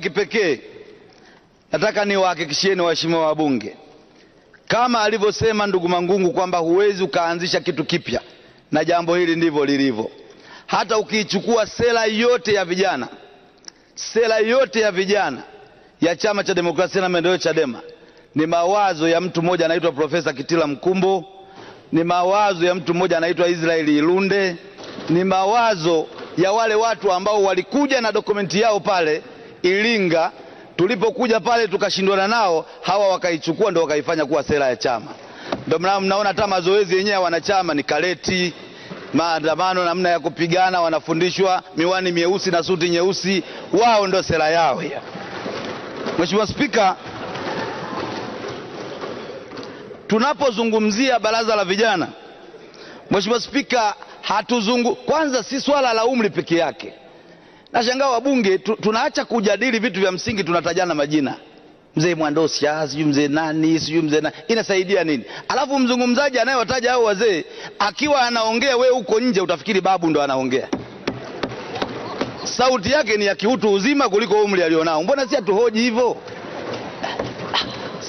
Kipekee nataka niwahakikishieni waheshimiwa wabunge, kama alivyosema ndugu Mangungu kwamba huwezi ukaanzisha kitu kipya, na jambo hili ndivyo lilivyo. Hata ukiichukua sera yote ya vijana, sera yote ya vijana ya Chama cha Demokrasia na Maendeleo, Chadema, ni mawazo ya mtu mmoja anaitwa Profesa Kitila Mkumbo, ni mawazo ya mtu mmoja anaitwa Israeli Ilunde, ni mawazo ya wale watu ambao walikuja na dokumenti yao pale Iringa tulipokuja pale tukashindwana nao, hawa wakaichukua ndo wakaifanya kuwa sera ya chama. Ndio mnaona hata mazoezi yenyewe ya wanachama ni kaleti, maandamano, namna ya kupigana, wanafundishwa miwani mieusi na suti nyeusi. Wao ndo sera yao. Mheshimiwa Spika, tunapozungumzia baraza la vijana, Mheshimiwa Spika, hatuzungu kwanza, si swala la umri peke yake Nashangaa wabunge tu, tunaacha kujadili vitu vya msingi, tunatajana majina, mzee Mwandosia ah, sijui mzee nani sijui mzee nani, inasaidia nini? Alafu mzungumzaji anayewataja hao wazee akiwa anaongea, we uko nje utafikiri babu ndo anaongea sauti yake ni ya kiutu uzima kuliko umri alionao. Mbona si atuhoji hivyo?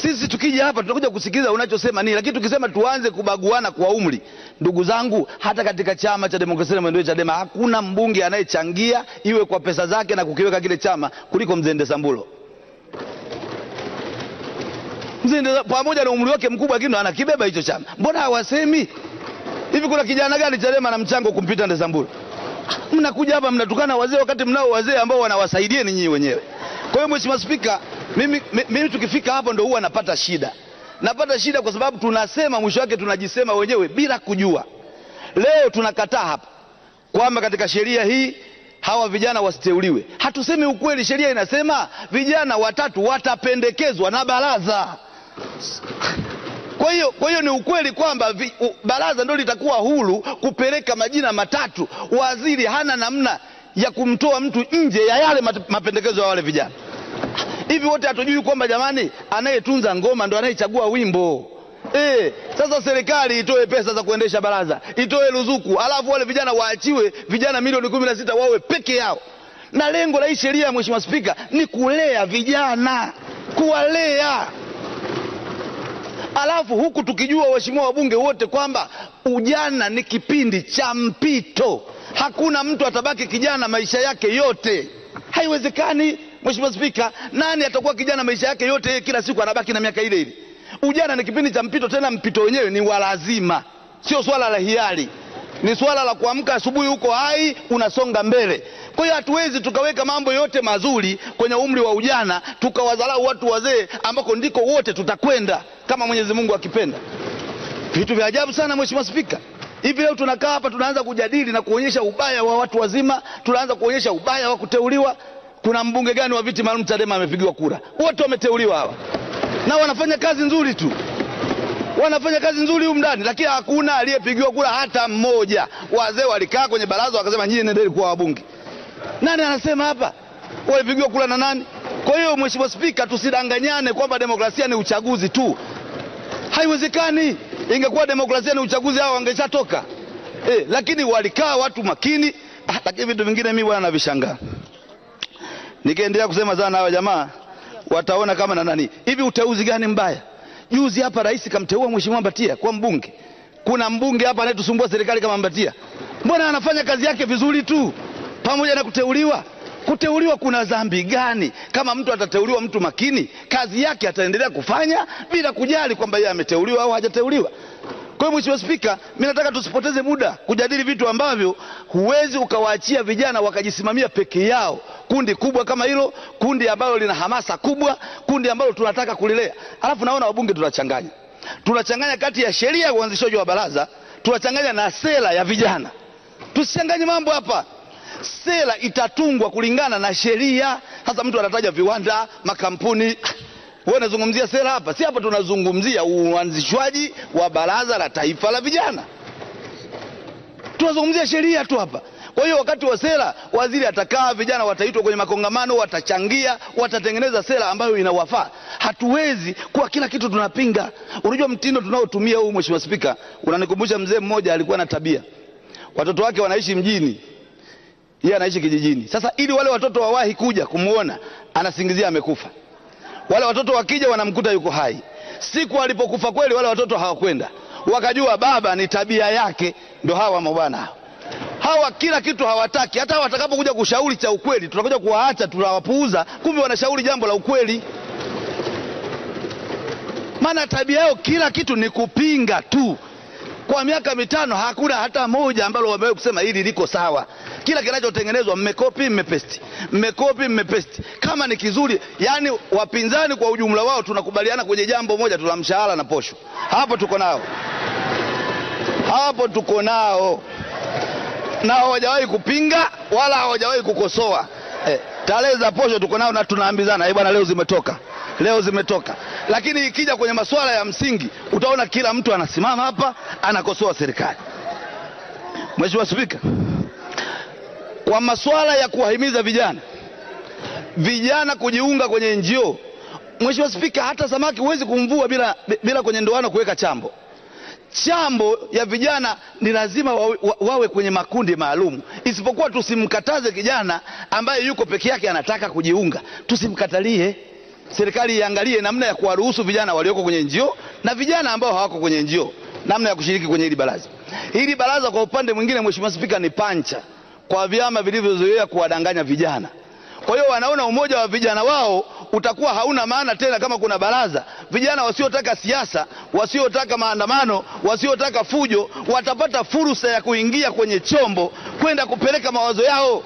Sisi tukija hapa tunakuja kusikiliza unachosema nini, lakini tukisema tuanze kubaguana kwa umri, ndugu zangu, hata katika chama cha demokrasia na maendeleo Chadema hakuna mbunge anayechangia iwe kwa pesa zake na kukiweka kile chama kuliko Mzende Sambulo. Mzende pamoja na umri wake mkubwa, lakini anakibeba hicho chama. Mbona hawasemi hivi? Kuna kijana gani Chadema na mchango kumpita Ndesambulu? Mnakuja hapa mnatukana wazee, wakati mnao wazee ambao wanawasaidia ninyi wenyewe. Kwa hiyo Mheshimiwa Spika, mimi, mimi tukifika hapo ndo huwa napata shida, napata shida kwa sababu tunasema mwisho wake tunajisema wenyewe bila kujua. Leo tunakataa hapa kwamba katika sheria hii hawa vijana wasiteuliwe. Hatusemi ukweli. Sheria inasema vijana watatu watapendekezwa na baraza. Kwa hiyo kwa hiyo ni ukweli kwamba baraza ndio litakuwa huru kupeleka majina matatu. Waziri hana namna ya kumtoa mtu nje ya yale mapendekezo ya wale vijana. Hivi wote hatujui kwamba jamani, anayetunza ngoma ndo anayechagua wimbo e. Sasa serikali itoe pesa za kuendesha baraza, itoe ruzuku, alafu wale vijana waachiwe, vijana milioni kumi na sita wawe peke yao. Na lengo la hii sheria ya Mheshimiwa Spika ni kulea vijana, kuwalea alafu huku tukijua waheshimiwa wabunge wote kwamba ujana ni kipindi cha mpito. Hakuna mtu atabaki kijana maisha yake yote, haiwezekani. Mheshimiwa Spika, nani atakuwa kijana maisha yake yote kila siku anabaki na miaka ile ile? Ujana ni kipindi cha mpito, tena mpito wenyewe ni wa lazima, sio swala la hiari, ni swala la kuamka asubuhi, huko hai unasonga mbele. Kwa hiyo hatuwezi tukaweka mambo yote mazuri kwenye umri wa ujana tukawadharau watu wazee, ambako ndiko wote tutakwenda kama Mwenyezi Mungu akipenda. Vitu vya ajabu sana, Mheshimiwa Spika. Hivi leo tunakaa hapa tunaanza kujadili na kuonyesha ubaya wa watu wazima, tunaanza kuonyesha ubaya wa kuteuliwa kuna mbunge gani wa viti maalum Chadema amepigiwa kura? Wote wameteuliwa hawa na wanafanya kazi nzuri tu, wanafanya kazi nzuri humu ndani, lakini hakuna aliyepigiwa kura hata mmoja. Wazee walikaa kwenye baraza wakasema, nyinyi nendeni kuwa wabunge. Nani anasema hapa walipigiwa kura na nani? Kwa hiyo Mheshimiwa Spika, tusidanganyane kwamba demokrasia ni uchaguzi tu. Haiwezekani. Ingekuwa demokrasia ni uchaguzi, hao wangeshatoka. Eh, lakini walikaa watu makini. Ah, lakini vitu vingine mimi bwana navishangaa. Nikiendelea kusema sana hawa jamaa wataona kama na nani hivi. Uteuzi gani mbaya? Juzi hapa rais kamteua mheshimiwa Mbatia kwa mbunge. Kuna mbunge hapa anayetusumbua serikali kama Mbatia? Mbona anafanya kazi yake vizuri tu, pamoja na kuteuliwa kuteuliwa kuna dhambi gani? Kama mtu atateuliwa, mtu makini, kazi yake ataendelea kufanya bila kujali kwamba yeye ameteuliwa au hajateuliwa. Kwa hiyo Mheshimiwa Spika, mimi nataka tusipoteze muda kujadili vitu ambavyo huwezi ukawaachia vijana wakajisimamia peke yao. Kundi kubwa kama hilo, kundi ambalo lina hamasa kubwa, kundi ambalo tunataka kulilea, alafu naona wabunge tunachanganya, tunachanganya kati ya sheria ya uanzishaji wa baraza, tunachanganya na sera ya vijana. Tusichanganye mambo hapa. Sera itatungwa kulingana na sheria. Sasa mtu anataja viwanda, makampuni wewe unazungumzia sera hapa, si hapa tunazungumzia uanzishwaji wa baraza la taifa la vijana, tunazungumzia sheria tu hapa. Kwa hiyo wakati wa sera, waziri atakaa, vijana wataitwa kwenye makongamano, watachangia, watatengeneza sera ambayo inawafaa. Hatuwezi kuwa kila kitu tunapinga. Unajua mtindo tunaotumia huu, Mheshimiwa Spika, unanikumbusha mzee mmoja alikuwa na tabia, watoto wake wanaishi mjini, yeye anaishi kijijini. Sasa ili wale watoto wawahi kuja kumwona, anasingizia amekufa wale watoto wakija wanamkuta yuko hai. Siku alipokufa kweli, wale watoto hawakwenda, wakajua baba ni tabia yake. Ndo hawa mabwana hawa, kila kitu hawataki. Hata watakapokuja kushauri cha ukweli, tunakuja kuwaacha, tunawapuuza, kumbe wanashauri jambo la ukweli. Maana tabia yao kila kitu ni kupinga tu. Kwa miaka mitano hakuna hata moja ambalo wamewahi kusema hili liko sawa. Kila kinachotengenezwa mmekopi, mmepesti, mmekopi, mmepesti. Kama ni kizuri, yani wapinzani kwa ujumla wao tunakubaliana kwenye jambo moja, tuna mshahara na posho. Hapo tuko nao, hapo tuko nao, na hawajawahi kupinga wala hawajawahi kukosoa. Eh, tarehe za posho tuko nao na tunaambizana, eh bwana, leo zimetoka leo zimetoka. Lakini ikija kwenye masuala ya msingi, utaona kila mtu anasimama hapa anakosoa serikali. Mheshimiwa Spika kwa masuala ya kuwahimiza vijana vijana kujiunga kwenye NGO. Mheshimiwa Spika, hata samaki huwezi kumvua bila, bila kwenye ndoano kuweka chambo. Chambo ya vijana ni lazima wawe, wawe kwenye makundi maalum, isipokuwa tusimkataze kijana ambaye yuko peke yake anataka kujiunga, tusimkatalie. Serikali iangalie namna ya kuwaruhusu vijana walioko kwenye NGO na vijana ambao hawako kwenye NGO namna ya kushiriki kwenye hili baraza. Hili baraza kwa upande mwingine, Mheshimiwa Spika, ni pancha kwa vyama vilivyozoea kuwadanganya vijana. Kwa hiyo wanaona umoja wa vijana wao utakuwa hauna maana tena kama kuna baraza. Vijana wasiotaka siasa, wasiotaka maandamano, wasiotaka fujo watapata fursa ya kuingia kwenye chombo kwenda kupeleka mawazo yao.